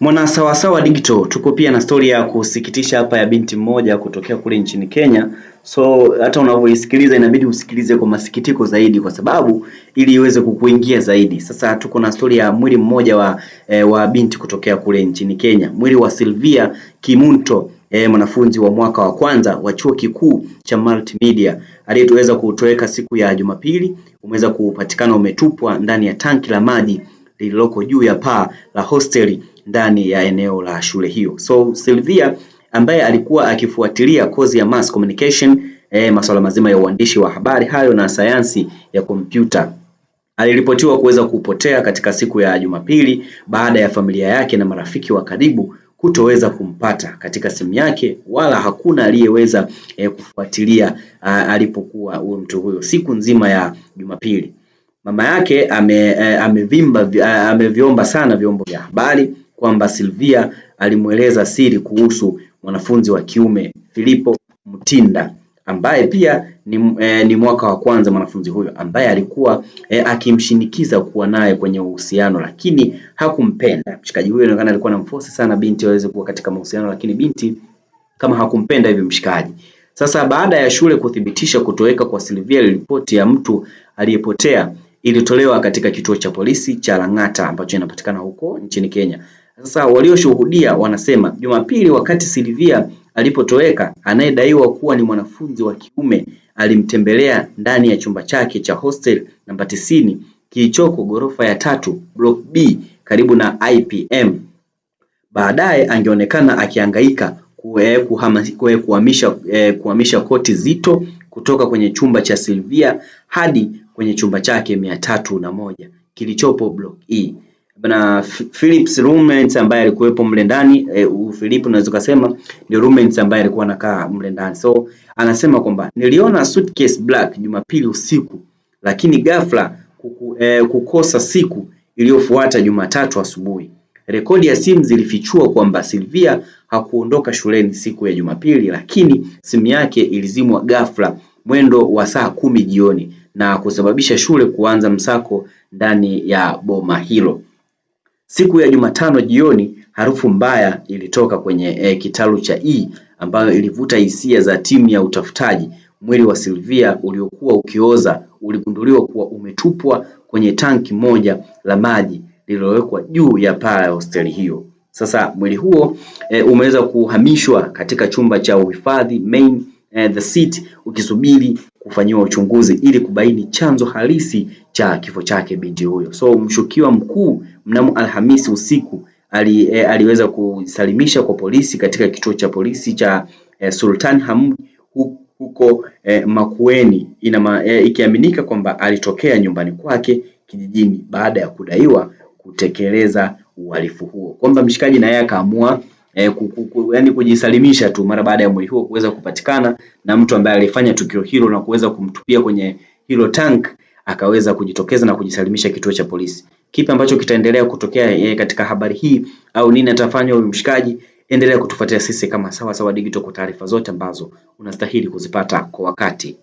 Mwana sawasawa digital tuko pia na stori ya kusikitisha hapa ya binti mmoja kutokea kule nchini Kenya. So hata unavyoisikiliza inabidi usikilize kwa masikitiko zaidi, kwa sababu ili iweze kukuingia zaidi. Sasa tuko na stori ya mwili mmoja wa, e, wa binti kutokea kule nchini Kenya, mwili wa Sylvia Kimunto E, mwanafunzi wa mwaka wa kwanza wa chuo kikuu cha multimedia aliyetuweza kutoweka siku ya Jumapili umeweza kupatikana umetupwa ndani ya tanki la maji lililoko juu ya paa la hosteli ndani ya eneo la shule hiyo. So Sylvia ambaye alikuwa akifuatilia kozi ya mass communication, eh, masuala mazima ya uandishi wa habari hayo na sayansi ya kompyuta aliripotiwa kuweza kupotea katika siku ya Jumapili baada ya familia yake na marafiki wa karibu kutoweza kumpata katika simu yake, wala hakuna aliyeweza eh, kufuatilia ah, alipokuwa huyo mtu huyo siku nzima ya Jumapili. Mama yake ame, eh, amevimba, eh, ameviomba sana vyombo vya habari kwamba Silvia alimweleza siri kuhusu mwanafunzi wa kiume Filipo Mtinda ambaye pia ni, eh, ni mwaka wa kwanza mwanafunzi huyo ambaye alikuwa eh, akimshinikiza kuwa naye kwenye uhusiano lakini hakumpenda. Mshikaji huyo inaonekana alikuwa anamforce sana binti aweze kuwa katika mahusiano, lakini binti kama hakumpenda hivi mshikaji. Sasa baada ya shule kuthibitisha kutoweka kwa Silvia ripoti ya mtu aliyepotea ilitolewa katika kituo cha polisi cha Lang'ata ambacho inapatikana huko nchini Kenya. Sasa walioshuhudia wanasema Jumapili, wakati Silvia alipotoweka, anayedaiwa kuwa ni mwanafunzi wa kiume alimtembelea ndani ya chumba chake cha hostel namba tisini kilichoko ghorofa ya tatu block B karibu na IPM. Baadaye angeonekana akihangaika eh, kuhamisha koti zito kutoka kwenye chumba cha Silvia hadi kwenye chumba chake mia tatu na moja kilichopo block E. Bana Philips roommates ambaye alikuwepo mle ndani e, eh, Philip unaweza kusema ni roommates ambaye alikuwa anakaa mle ndani. So anasema kwamba niliona suitcase black Jumapili usiku, lakini ghafla kuku, e, kukosa siku iliyofuata Jumatatu asubuhi. Rekodi ya simu zilifichua kwamba Silvia hakuondoka shuleni siku ya Jumapili, lakini simu yake ilizimwa ghafla mwendo wa saa kumi jioni na kusababisha shule kuanza msako ndani ya boma hilo. Siku ya Jumatano jioni, harufu mbaya ilitoka kwenye e, kitalu cha E ambayo ilivuta hisia za timu ya utafutaji. Mwili wa Silvia uliokuwa ukioza uligunduliwa kuwa umetupwa kwenye tanki moja la maji lililowekwa juu ya paa ya hosteli hiyo. Sasa mwili huo e, umeweza kuhamishwa katika chumba cha uhifadhi Main e, the seat ukisubiri kufanyiwa uchunguzi ili kubaini chanzo halisi cha kifo chake binti huyo. So mshukiwa mkuu mnamo Alhamisi usiku ali, e, aliweza kusalimisha kwa polisi katika kituo cha polisi cha e, Sultan Hamid huko e, Makueni inama, e, ikiaminika kwamba alitokea nyumbani kwake kijijini baada ya kudaiwa kutekeleza uhalifu huo, kwamba mshikaji naye akaamua eh, kuku, yani kujisalimisha tu mara baada ya mwili huo kuweza kupatikana na mtu ambaye alifanya tukio hilo na kuweza kumtupia kwenye hilo tank akaweza kujitokeza na kujisalimisha kituo cha polisi. Kipi ambacho kitaendelea kutokea eh, katika habari hii au nini atafanywa huyu mshikaji? Endelea kutufuatia sisi kama Sawasawa Digital kwa taarifa zote ambazo unastahili kuzipata kwa wakati.